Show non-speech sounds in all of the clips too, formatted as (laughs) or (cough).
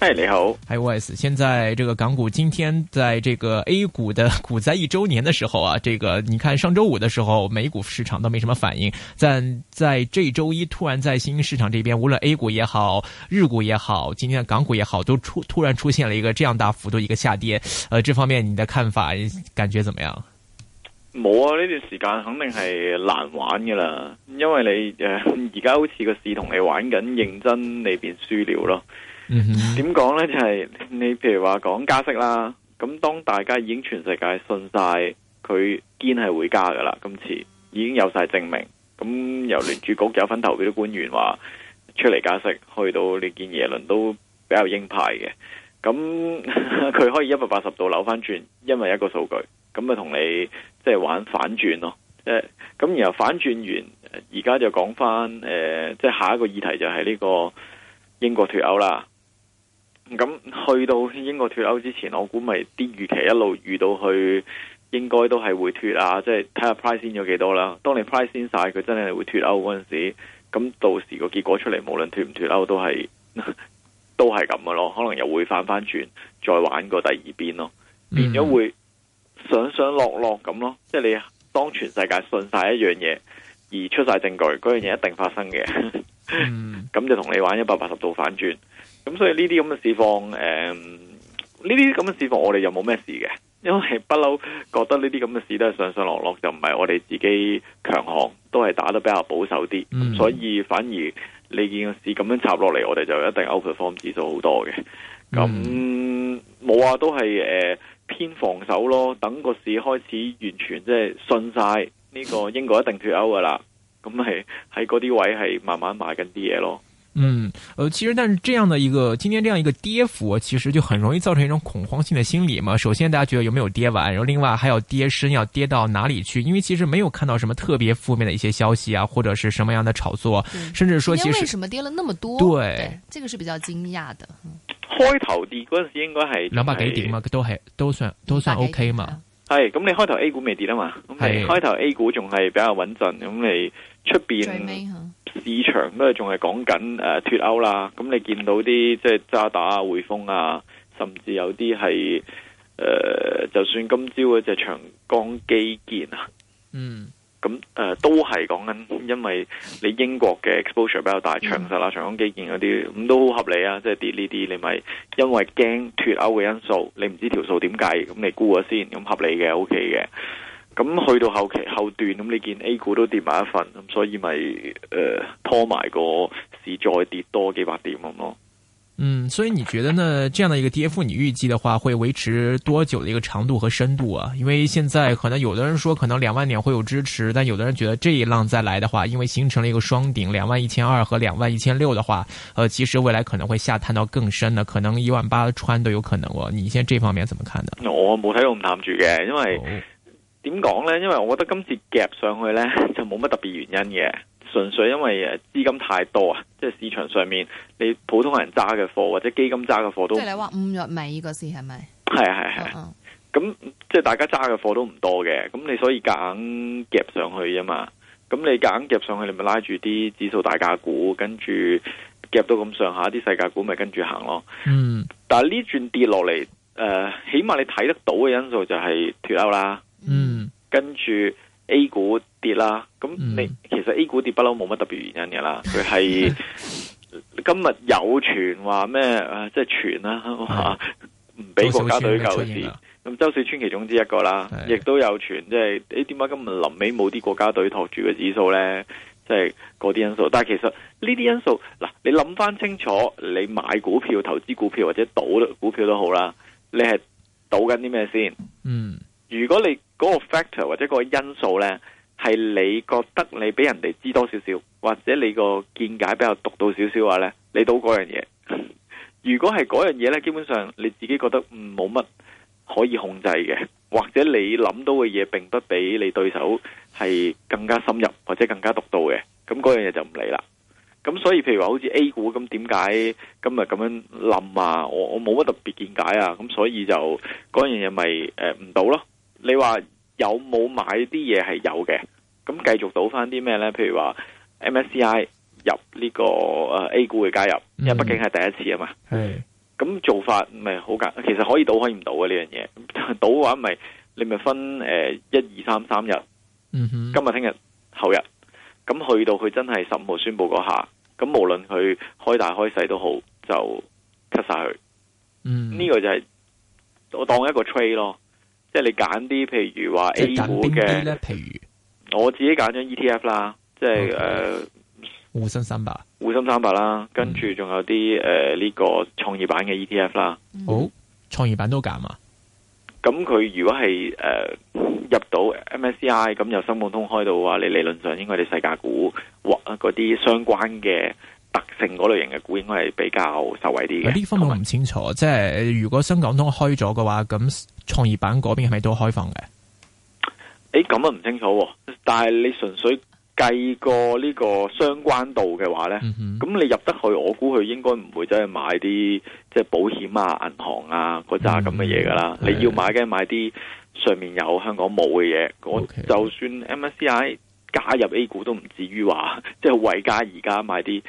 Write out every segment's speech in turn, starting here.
嗨，hey，你好，Hi，Wes。Hi, Wes，現在這個港股今天在這個 A 股的股災一周年的時候啊，這個你看上周五的時候，美股市場都沒什麼反應，但在這周一突然在新興市場這邊，無論 A 股也好，日股也好，今天的港股也好，都出突然出現了一個這樣大幅度一個下跌。呃，這方面你的看法，感覺怎麼樣？冇啊，呢段時間肯定係難玩㗎喇，因為你誒而家好似個市同你玩緊，認真你便輸了咯。點講、嗯、呢？就係、是、你譬如話講加息啦，咁當大家已經全世界信晒佢堅係會加噶啦，今次已經有晒證明，咁由聯儲局有份投票的官員話出嚟加息，去到你見耶倫都比較鷹派嘅，咁佢可以一百八十度扭翻轉，因為一個數據，咁咪同你即係、就是、玩反轉咯，咁、就是、然後反轉完，而家就講翻誒、即、呃、係、就是、下一個議題就係呢個英國脱歐啦。咁去到英國脱歐之前，我估咪啲預期一路遇到去，應該都係會脱啊！即係睇下 price 先咗幾多啦。當你 price 先曬，佢真係會脱歐嗰陣時，咁到時個結果出嚟，無論脱唔脱歐都，都係都係咁嘅咯。可能又會反翻轉，再玩過第二邊咯，變咗會上上落落咁咯。即係你當全世界信曬一樣嘢，而出曬證據，嗰樣嘢一定發生嘅。咁 (laughs) 就同你玩一百八十度反轉。咁所以呢啲咁嘅市況，誒、呃，呢啲咁嘅市況，我哋又冇咩事嘅，因為不嬲覺得呢啲咁嘅市都係上上落落，就唔係我哋自己強項，都係打得比較保守啲，嗯、所以反而你見個市咁樣插落嚟，我哋就一定 outperform 指數好多嘅。咁冇啊，嗯、冇話都係誒、呃、偏防守咯，等個市開始完全即係信晒呢個英國一定脱歐噶啦，咁係喺嗰啲位係慢慢買緊啲嘢咯。嗯，呃，其實，但是這樣的一個今天這樣一個跌幅啊，其實就很容易造成一種恐慌性的心理嘛。首先，大家覺得有沒有跌完？然後，另外還要跌深，要跌到哪裡去？因為其實沒有看到什麼特別負面的一些消息啊，或者是什麼樣的炒作，嗯、甚至說，其實為什麼跌了那麼多？對，對，這個是比較驚訝的。開頭跌的嗰陣時應該係兩百給點嘛，都還都算都算 OK 嘛。哎咁你開頭 A 股未跌了嘛？咁是你開頭 A 股仲是比較穩準咁你。出邊市場都係仲係講緊誒脫歐啦，咁你見到啲即係渣打啊、匯豐啊，甚至有啲係誒，就算今朝嗰隻長江基建啊，嗯，咁誒、呃、都係講緊，因為你英國嘅 exposure 比較大，長實啊、長江基建嗰啲咁都好合理啊，即係跌呢啲，你咪因為驚脫歐嘅因素，你唔知條數點計，咁你估下先，咁合理嘅，OK 嘅。咁去到後期後段，咁你見 A 股都跌埋一份，咁所以咪誒、呃、拖埋個市再跌多幾百點咁咯。嗯，所以你覺得呢？這樣的一個跌幅，你預計的話會維持多久的一個長度和深度啊？因為現在可能有的人說可能兩萬點會有支持，但有的人覺得這一浪再來的話，因為形成了一個雙頂，兩萬一千二和兩萬一千六的話，呃，其實未來可能會下探到更深呢，可能一萬八穿都有可能哦、啊。你現在這方面怎麼看呢？我冇睇到咁淡住嘅，因為。點講呢？因為我覺得今次夾上去呢，就冇乜特別原因嘅，純粹因為誒資金太多啊！即係市場上面你普通人揸嘅貨或者基金揸嘅貨都即係你話五月尾嗰時係咪？係係，係係，咁即係大家揸嘅貨都唔多嘅，咁你所以夾硬夾上去啊嘛！咁你夾硬夾上去，你咪拉住啲指數大價股，跟住夾到咁上下啲細價股咪跟住行咯。嗯、mm.，但係呢轉跌落嚟起碼你睇得到嘅因素就係脫歐啦。嗯，跟住 A 股跌啦，咁你、嗯、其實 A 股跌不嬲冇乜特別原因噶啦，佢係今日有傳話咩？即係傳啦，唔、就、俾、是、國家隊救市，咁周小川其中之一個啦，亦的都有傳、就是，即係你點解今日臨尾冇啲國家隊托住嘅指數咧？即係嗰啲因素，但係其實呢啲因素，嗱、啊，你諗翻清楚，你買股票、投資股票或者賭股票都好啦，你係賭緊啲咩先？嗯。如果你嗰個 factor 或者嗰個因素咧，係你覺得你比人哋知多少少，或者你個見解比較獨到少少話咧，你到嗰樣嘢。如果係嗰樣嘢咧，基本上你自己覺得冇乜可以控制嘅，或者你諗到嘅嘢並不比你對手係更加深入或者更加獨到嘅，咁嗰樣嘢就唔理啦。咁所以譬如話好似 A 股咁，點解今日咁樣冧啊？我我冇乜特別見解啊，咁所以就嗰樣嘢咪誒唔到咯。你話有冇買啲嘢係有嘅？咁繼續賭翻啲咩咧？譬如話 MSCI 入呢個誒 A 股嘅加入，因為畢竟係第一次啊嘛。係咁的做法唔係好簡，其實可以賭可以唔賭嘅呢樣嘢。賭嘅話咪你咪分誒一二三三日，嗯、哼今日、聽日、後日，咁去到佢真係十五號宣布嗰下，咁無論佢開大開細都好，就 cut 晒佢。嗯，呢個就係、是、我當一個 trade 咯。即係你揀啲，譬如話 A 股嘅，譬如我自己揀咗 ETF 啦，即係誒滬深三百、滬深三百啦，跟住仲、嗯、有啲誒呢個創業板嘅 ETF 啦。好、嗯，創、哦、業板都揀啊。咁佢如果係誒、呃、入到 MSCI 咁由深港通開到嘅話，你理論上應該你世界股或嗰啲相關嘅。特性嗰類型嘅股，應該係比較受惠啲嘅。呢方面我唔清楚，即係如果深港通開咗嘅話，咁創業板嗰邊係咪都開放嘅？誒、欸，咁啊唔清楚、啊。但係你純粹計過呢個相關度嘅話呢，咁、嗯、哼你入得去，我估佢應該唔會真係買啲即係保險啊、銀行啊嗰扎咁嘅嘢噶啦。嗯、你要買嘅的買啲上面有香港冇嘅嘢。Okay. 就算 MSCI 加入 A 股都唔至於話即係為加而家買啲。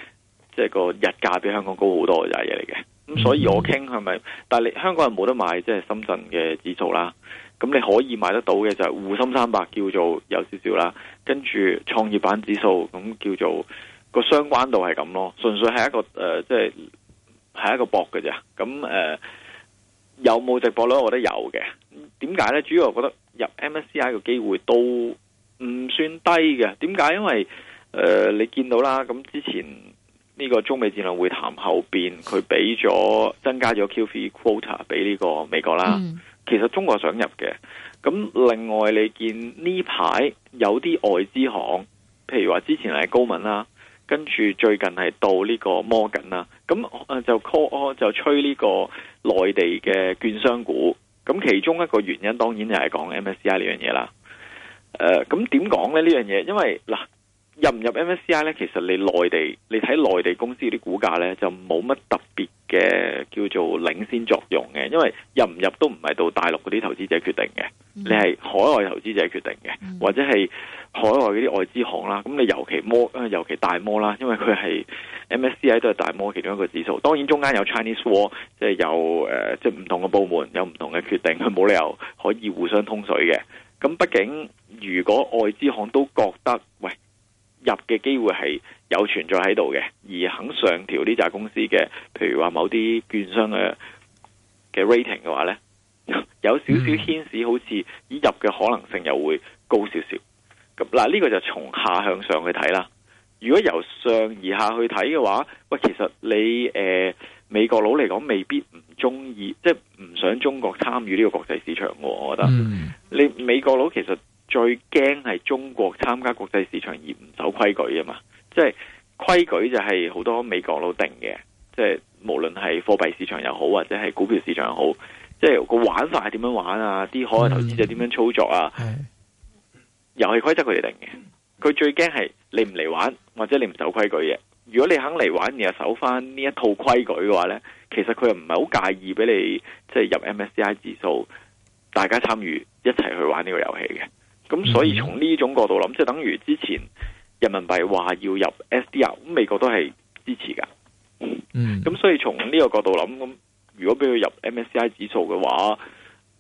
即係個日價比香港高好多就係嘢嚟嘅，咁所以我傾，係咪？但係你香港人冇得買，即係深圳嘅指數啦。咁你可以買得到嘅就係滬深三百，叫做有少少啦。跟住創業板指數，咁叫做個相關度係咁咯。純粹係一個誒，即係係一個搏嘅啫。咁誒、呃，有冇直播咯？我覺得有嘅。點解呢？主要我覺得入 MSCI 個機會都唔算低嘅。點解？因為誒、呃，你見到啦，咁之前。呢個中美戰略會談後面，佢俾咗增加咗 QFII quota 俾呢個美國啦。嗯、其實中國想入嘅。咁另外你見呢排有啲外資行，譬如話之前係高敏啦，跟住最近係到呢個摩根啦。咁就 call 就吹呢個內地嘅券商股。咁其中一個原因當然就係講 MSCI 呢樣嘢啦。咁點講呢？呢樣嘢，因為嗱。入唔入 MSCI 咧？其實你內地你睇內地公司啲股價咧，就冇乜特別嘅叫做領先作用嘅，因為入唔入都唔係到大陸嗰啲投資者決定嘅，嗯、你係海外投資者決定嘅，嗯、或者係海外嗰啲外資行啦。咁你尤其摩，尤其大摩啦，因為佢係 MSCI 都係大摩其中一個指數。當然中間有 Chinese Wall，即係有誒，即係唔同嘅部門有唔同嘅決定，佢冇理由可以互相通水嘅。咁畢竟如果外資行都覺得喂。入嘅機會係有存在喺度嘅，而肯上調呢隻公司嘅，譬如話某啲券商嘅嘅 rating 嘅話呢有少少牽使，好似入嘅可能性又會高少少。咁嗱，呢、這個就從下向上去睇啦。如果由上而下去睇嘅話，喂，其實你誒、呃、美國佬嚟講，未必唔鍾意，即係唔想中國參與呢個國際市場。我覺得，嗯、你美國佬其實。最驚係中國參加國際市場而唔守規矩啊嘛！即係規矩就係好多美國佬定嘅，即係無論係貨幣市場又好，或者係股票市場又好，即係個玩法係點樣玩啊？啲海外投資者點樣操作啊？遊戲規則佢哋定嘅，佢、嗯、最驚係你唔嚟玩，或者你唔守規矩嘅。如果你肯嚟玩，你又守翻呢一套規矩嘅話呢，其實佢又唔係好介意俾你即係入 MSCI 指數，大家參與一齊去玩呢個遊戲嘅。咁所以從呢種角度諗，mm hmm. 即係等於之前人民幣話要入 S D R，美國都係支持噶。咁、mm hmm. 所以從呢個角度諗，咁如果俾佢入 M S C I 指數嘅話，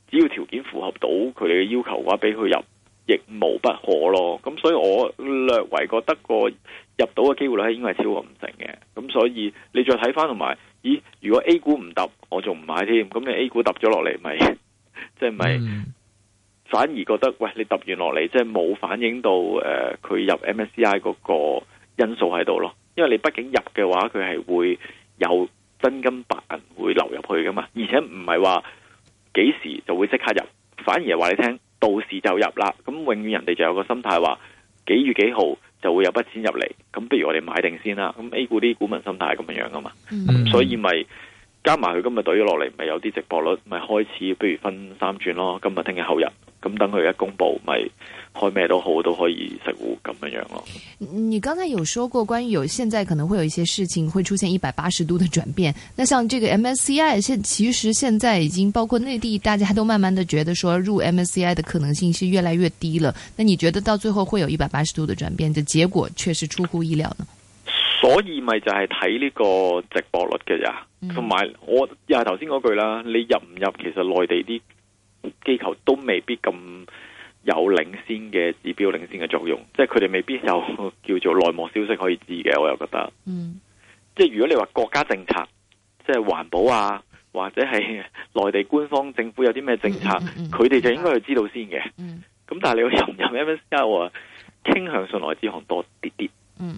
只要條件符合到佢嘅要求嘅話，俾佢入亦無不可咯。咁所以我略為覺得個入到嘅機會率應該係超過五成嘅。咁所以你再睇翻同埋，咦？如果 A 股唔揼，我仲唔買添？咁你 A 股揼咗落嚟，咪即係咪？Mm hmm. 反而覺得喂，你揼完落嚟即係冇反映到誒佢、呃、入 MSCI 嗰個因素喺度咯，因為你畢竟入嘅話，佢係會有真金白銀會流入去噶嘛，而且唔係話幾時就會即刻入，反而話你聽到時就入啦。咁永遠人哋就有個心態話幾月幾號就會有筆錢入嚟，咁不如我哋買定先啦。咁 A 股啲股民心態係咁樣噶嘛，嗯、所以咪加埋佢今日懟咗落嚟，咪有啲值博率，咪開始不如分三轉咯。今日、聽日、後日。咁等佢一公布，咪開咩都好都可以食糊咁樣樣咯。你剛才有說過關於有現在可能會有一些事情會出現一百八十度的轉變。那像這個 MSCI，現其實現在已經包括內地，大家都慢慢的覺得說入 MSCI 的可能性是越來越低了。那你覺得到最後會有一百八十度的轉變？就結果卻是出乎意料呢。所以咪就係睇呢個直播率嘅呀，同埋我又係頭先嗰句啦。你入唔入其實內地啲？機構都未必咁有領先嘅指標，領先嘅作用，即係佢哋未必有叫做內幕消息可以知嘅。我又覺得，嗯，即係如果你話國家政策，即係環保啊，或者係內地官方政府有啲咩政策，佢哋，嗯嗯嗯嗯，就應該去知道先嘅。嗯，咁但係你要融入 MSC，我傾向信內資行多啲啲。嗯。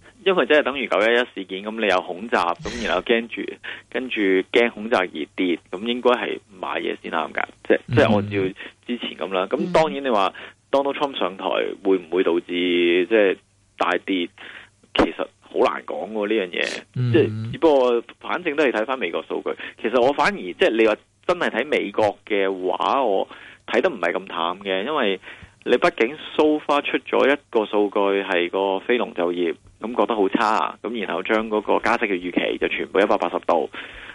因為即係等於九一一事件咁，你有恐襲咁，然後驚住，跟住驚恐襲而跌，咁應該係買嘢先啱㗎，即即係按照之前咁啦。咁當然你話、嗯、Donald Trump 上台會唔會導致即係、就是、大跌，其實好難講喎呢樣嘢。即、這、係、個嗯就是、不過反正都係睇翻美國數據。其實我反而即係、就是、你話真係睇美國嘅話，我睇得唔係咁淡嘅，因為。你畢竟 so far 出咗一個數據係個非農就業咁覺得好差，啊，咁然後將嗰個加息嘅預期就全部一百八十度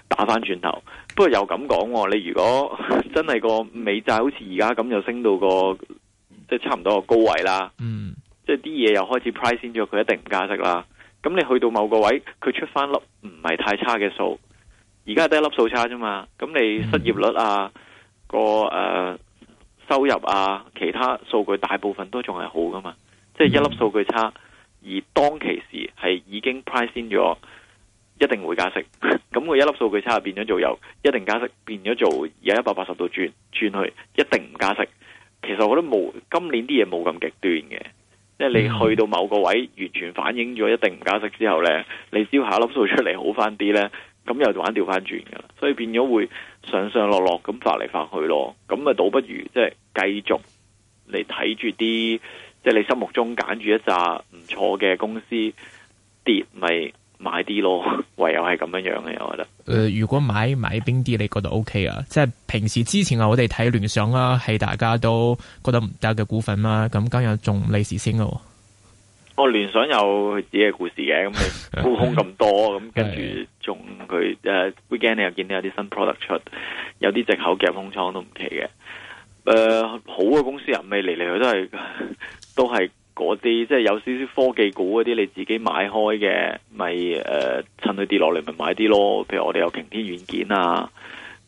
打翻轉頭。不過又咁講，啊，你如果真係個美債好似而家咁，又升到個即係差唔多個高位啦，嗯，即係啲嘢又開始 pricing 咗，佢一定唔加息啦。咁你去到某個位，佢出翻粒唔係太差嘅數，而家得一粒數差啫嘛。咁你失業率啊，嗯、個誒。呃收入啊，其他數據大部分都仲係好噶嘛，即係一粒數據差，而當其時係已經 price in 咗，一定會加息。咁佢一粒數據差變咗做油，一定加息；變咗做有一百八十度轉轉去，一定唔加息。其實我都冇今年啲嘢冇咁極端嘅，即係你去到某個位完全反映咗一定唔加息之後呢，你只要下一粒數出嚟好翻啲呢。咁又玩掉翻轉噶啦，所以變咗會上上落落咁發嚟發去咯。咁咪倒不如即係繼續嚟睇住啲，即係你心目中揀住一紮唔錯嘅公司跌咪買啲咯。唯有係咁樣樣嘅，我覺得。誒、呃，如果買買邊啲你覺得 OK 啊？即係平時之前啊，我哋睇聯想啦，係大家都覺得唔得嘅股份啦、啊。咁今日仲利時先咯。我聯想有自己嘅故事嘅，咁你沽空咁多，咁 (laughs) 是的 跟住仲佢，誒，again 你又見到有啲新 product 出，有啲藉口夾空倉都唔奇嘅。誒、呃，好嘅公司又未嚟嚟去都係，都係嗰啲，即係有少少科技股嗰啲，你自己買開嘅，咪誒、呃、趁佢跌落嚟咪買啲咯。譬如我哋有擎天軟件啊，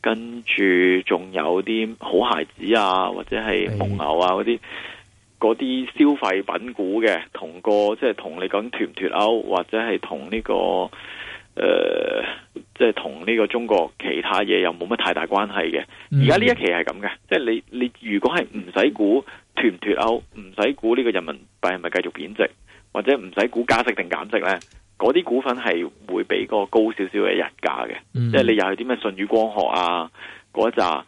跟住仲有啲好孩子啊，或者係蒙牛啊嗰啲。是的 那些嗰啲消費品股嘅，同個即係同你講脫唔脫歐，或者係同呢、這個誒、呃，即係同呢個中國其他嘢又冇乜太大關係嘅。而家呢一期係咁嘅，即係你你如果係唔使估脫唔脫歐，唔使估呢個人民幣係咪繼續貶值，或者唔使估加息定減息咧，嗰啲股份係會比個高少少嘅日價嘅。嗯、即係你又係啲咩舜宇光學啊？嗰一扎。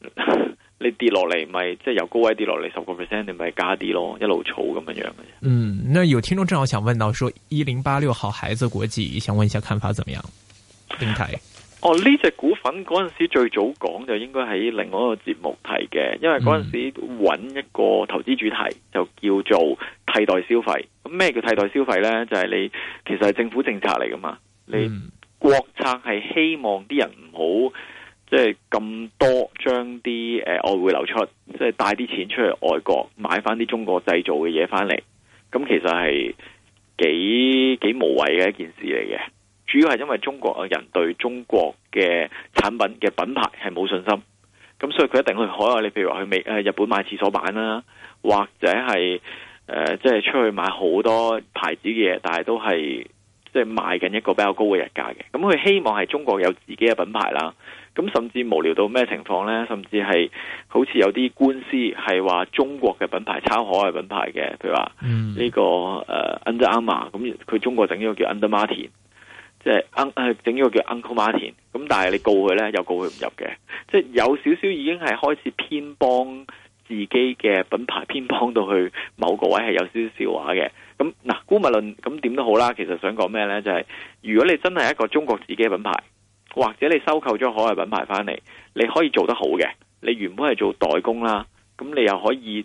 (laughs) 你跌落嚟咪即係由高位跌落嚟十個 percent，你咪加啲咯，一路儲咁樣樣嘅。嗯，那有聽眾正好想問到，說一零八六好孩子國際，想問一下看法怎麼樣？點睇？哦，呢隻股份嗰陣時最早講就應該喺另外一個節目提嘅，因為嗰陣時揾一個投資主題就叫做替代消費。咁咩、嗯、叫替代消費呢？就係、是、你其實係政府政策嚟噶嘛？嗯、你國策係希望啲人唔好。即係咁多將啲外匯流出，即係帶啲錢出去外國買翻啲中國製造嘅嘢翻嚟，咁其實係幾幾無謂嘅一件事嚟嘅。主要係因為中國嘅人對中國嘅產品嘅品牌係冇信心，咁所以佢一定去海外。你譬如話去美誒日本買廁所板啦，或者係誒即係出去買好多牌子嘅嘢，但係都係。即係賣緊一個比較高嘅日價嘅，咁佢希望係中國有自己嘅品牌啦。咁甚至無聊到咩情況咧？甚至係好似有啲官司係話中國嘅品牌抄海外品牌嘅，譬如話呢、這個誒、嗯 uh, Under Armour，咁佢中國整呢個叫 Under Martin，即係誒整呢個叫 Uncle Martin。咁但係你告佢咧，又告佢唔入嘅，即係有少少已經係開始偏幫。自己嘅品牌偏幫到去某個位係有少少笑話嘅。咁嗱，姑勿論，咁點都好啦。其實想講咩呢？就係如果你真係一個中國自己嘅品牌，或者你收購咗海外品牌翻嚟，你可以做得好嘅。你原本係做代工啦，咁你又可以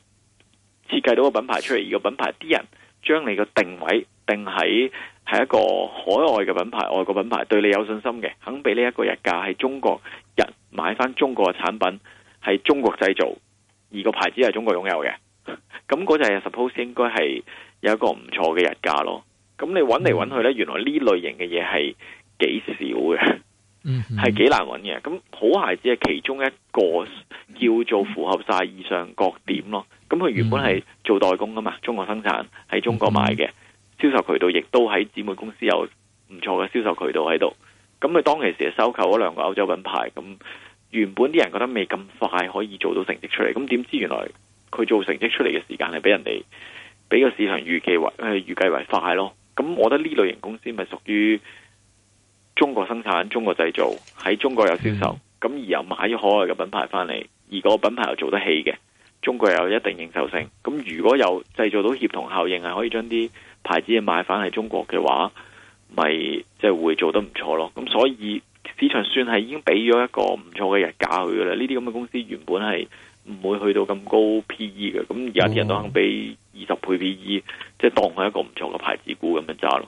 設計到個品牌出嚟。而個品牌啲人將你個定位定喺係一個海外嘅品牌，外國品牌對你有信心嘅，肯俾呢一個日價係中國人買翻中國嘅產品，係中國製造。二個牌子係中國擁有嘅，咁嗰隻 suppose 應該係有一個唔錯嘅日價咯。咁你揾嚟，揾去呢，原來呢類型嘅嘢係幾少嘅，係幾、嗯、哼難揾嘅。咁好牌子係其中一個叫做符合晒以上各點咯。咁佢原本係做代工噶嘛，中國生產喺中國買嘅，嗯、哼銷售渠道亦都喺姊妹公司有唔錯嘅銷售渠道喺度。咁佢當其時收購咗兩個歐洲品牌咁。原本啲人覺得未咁快可以做到成績出嚟，咁點知原來佢做成績出嚟嘅時間係俾人哋，俾個市場預計為預計、呃、為快咯。咁我覺得呢類型公司咪屬於中國生產，中國製造，喺中國有銷售，咁、嗯、而又買咗海外嘅品牌翻嚟，而嗰個品牌又做得起嘅，中國有一定認受性。咁如果有製造到協同效應，係可以將啲牌子賣翻嚟中國嘅話咪即係會做得唔錯咯。咁所以。市場算係已經俾咗一個唔錯嘅日價佢噶啦，呢啲咁嘅公司原本係唔會去到咁高 P E 嘅，咁而家啲人都肯俾二十倍 P E，、哦、即係當佢一個唔錯嘅牌子股咁樣揸咯。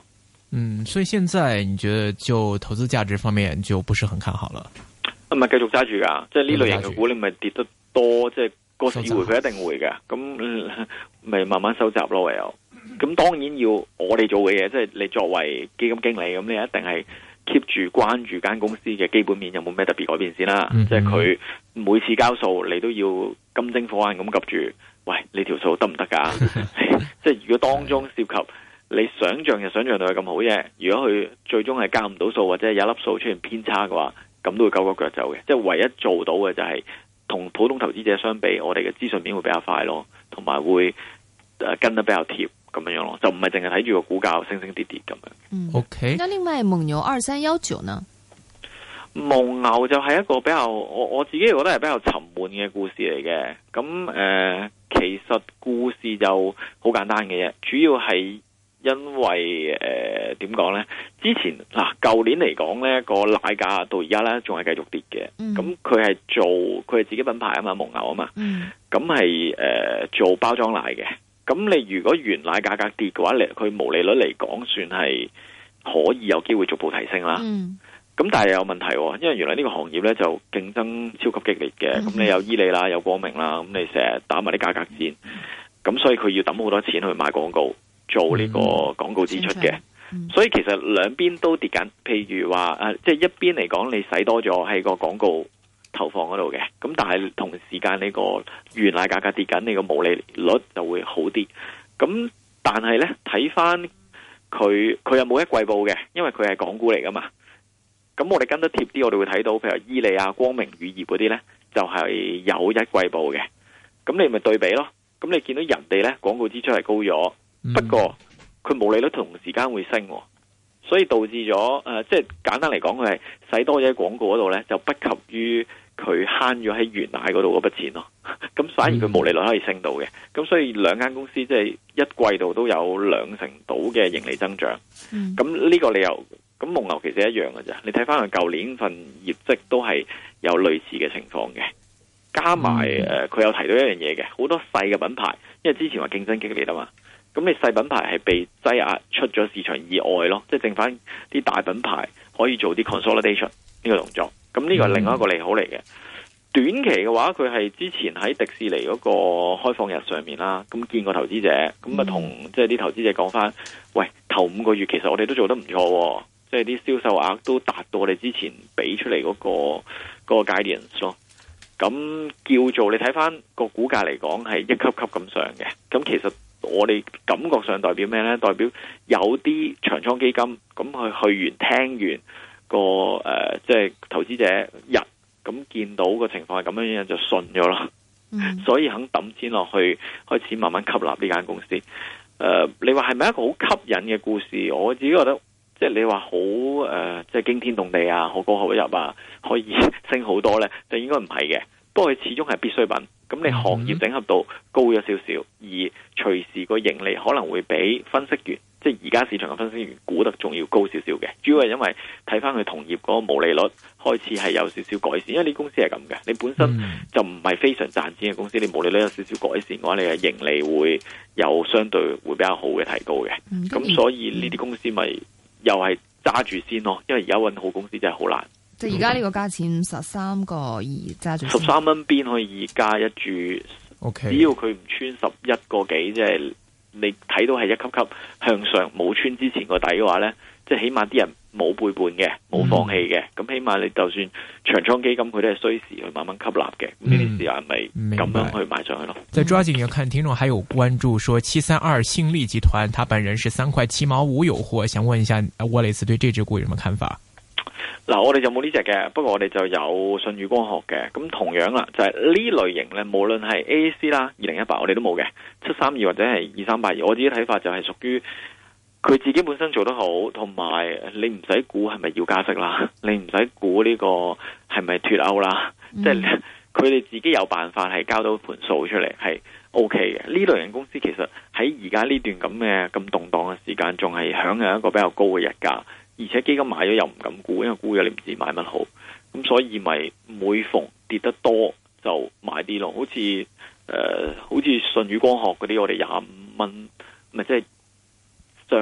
嗯，所以現在你覺得就投資價值方面就不是很看好了？唔係繼續揸住噶，即係呢類型嘅股你咪跌得多，集即係個市回佢一定會嘅，咁咪集、嗯嗯、慢慢收集咯又。咁當然要我哋做嘅嘢，即係你作為基金經理，咁你一定係。keep 住關注間公司嘅基本面有冇咩特別改變先啦，嗯、即係佢每次交數，你都要金睛火眼咁及住，喂，你條數得唔得噶？ (laughs) (laughs) 即係如果當中涉及你想象就想象到係咁好啫，如果佢最終係交唔到數或者有一粒數出現偏差嘅話，咁都會夠個腳走嘅。即係唯一做到嘅就係、是、同普通投資者相比，我哋嘅資訊面會比較快咯，同埋會誒跟得比較貼。咁樣樣咯，就唔係淨係睇住個股價升升跌跌咁樣。嗯，OK。咁另外蒙牛二三幺九呢？蒙牛就係一個比較，我我自己覺得係比較沉悶嘅故事嚟嘅。咁誒、呃，其實故事就好簡單嘅啫，主要係因為誒點講咧？之前嗱舊年嚟講咧，個奶價到而家咧仲係繼續跌嘅。咁佢係做佢係自己品牌啊嘛，蒙牛啊嘛。咁係誒做包裝奶嘅。咁你如果原奶價格跌嘅話，佢毛利率嚟講，算係可以有機會逐步提升啦。咁、嗯、但係有問題、哦，因為原來呢個行業咧就競爭超級激烈嘅，咁、嗯、你有伊利啦，有光明啦，咁你成日打埋啲價格戰，咁、嗯、所以佢要抌好多錢去買廣告，做呢個廣告支出嘅。嗯嗯、所以其實兩邊都跌緊。譬如話，即、啊、係、就是、一邊嚟講，你使多咗喺個廣告，投放嗰度嘅，咁但係同時間呢個原奶價格跌緊，呢、呢個毛利率就會好啲。咁但係呢，睇翻佢，佢有冇一季報嘅？因為佢係港股嚟噶嘛。咁我哋跟得貼啲，我哋會睇到，譬如伊利啊、光明乳業嗰啲呢，就係、係、有一季報嘅。咁你咪對比咯。咁你見到人哋呢，廣告支出係高咗，不過佢毛利率同時間會升、哦。所以導致咗誒、呃，即係簡單嚟講，佢係使多咗喺廣告嗰度咧，就不及於佢慳咗喺原奶嗰度嗰筆錢咯。咁反而佢無利率可以升到嘅。咁、 (laughs) 嗯、所以兩間公司即係一季度都有兩成度嘅盈利增長。咁呢、嗯、個理由，咁蒙牛其實一樣嘅啫。你睇翻佢舊年份業績都係有類似嘅情況嘅。加埋誒，佢、嗯呃、有提到一樣嘢嘅，好多細嘅品牌，因為之前話競爭激烈啊嘛。咁你細品牌係被擠壓出咗市場以外咯，即係剩翻啲大品牌可以做啲 consolidation 呢個動作。咁呢個係另外一個利好嚟嘅。嗯、短期嘅話，佢係之前喺迪士尼嗰個開放日上面啦，咁見過投資者，咁啊同即係啲投資者講翻，喂，頭五個月其實我哋都做得唔錯，即係啲銷售額都達到我哋之前俾出嚟嗰個嗰個 guidance 咯。咁叫做你睇翻個股價嚟講係一級級咁上嘅，咁其實。我哋感覺上代表咩呢？代表有啲長倉基金咁佢去完聽完、那個誒，即、呃、係、就是、投資者入咁見到個情況係咁樣樣就信咗咯，嗯、所以肯抌錢落去，開始慢慢吸納呢間公司。誒、呃，你話係咪一個好吸引嘅故事？我自己覺得即係、就是、你話好誒，即、呃、係、就是、驚天動地啊，好高好入啊，可以升好多呢，就應該唔係嘅。不過佢始終係必需品。咁你行業整合度高咗少少，嗯、而隨時個盈利可能會比分析員即係而家市場嘅分析員估得仲要高少少嘅。主要係因為睇翻佢同業嗰個毛利率開始係有少少改善，因為呢公司係咁嘅，你本身就唔係非常賺錢嘅公司，你毛利率有少少改善嘅話，你嘅盈利會有相對會比較好嘅提高嘅。咁、嗯、所以呢啲公司咪又係揸住先咯，因為而家搵好公司真係好難。即係而家呢個價錢十三個二揸住，十三蚊邊可以二加一注？OK，只要佢唔穿十一個幾，即係你睇到係一級級向上，冇穿之前個底嘅話咧，即係起碼啲人冇背叛嘅，冇放棄嘅，咁、嗯、起碼你就算長倉基金佢都係需時去慢慢吸納嘅，呢啲、嗯、時候咪咁樣去買上去咯。白再抓緊要看，聽眾還有關注說七三二信利集團，他本人是三塊七毛五有貨，想問一下 Wallace 對這隻股有什麼看法？嗱，我哋就冇呢隻嘅，不過我哋就有舜宇光學嘅，咁同樣啦，就係、是、呢類型咧，無論係 A、C 啦，二零一八我哋都冇嘅，七三二或者係二三八二，我自己睇法就係屬於佢自己本身做得好，同埋你唔使估係咪要加息啦，你唔使估呢個係咪脫歐啦，即係佢哋自己有辦法係交到盤數出嚟，係 O K 嘅。呢類型公司其實喺而家呢段咁嘅咁動盪嘅時間，仲係享有一個比較高嘅溢價。而且基金買咗又唔敢沽，因為沽咗你唔知道買乜好，咁所以咪每逢跌得多就買啲咯，好似誒、呃、好似舜宇光學嗰啲，我哋廿五蚊咪即係。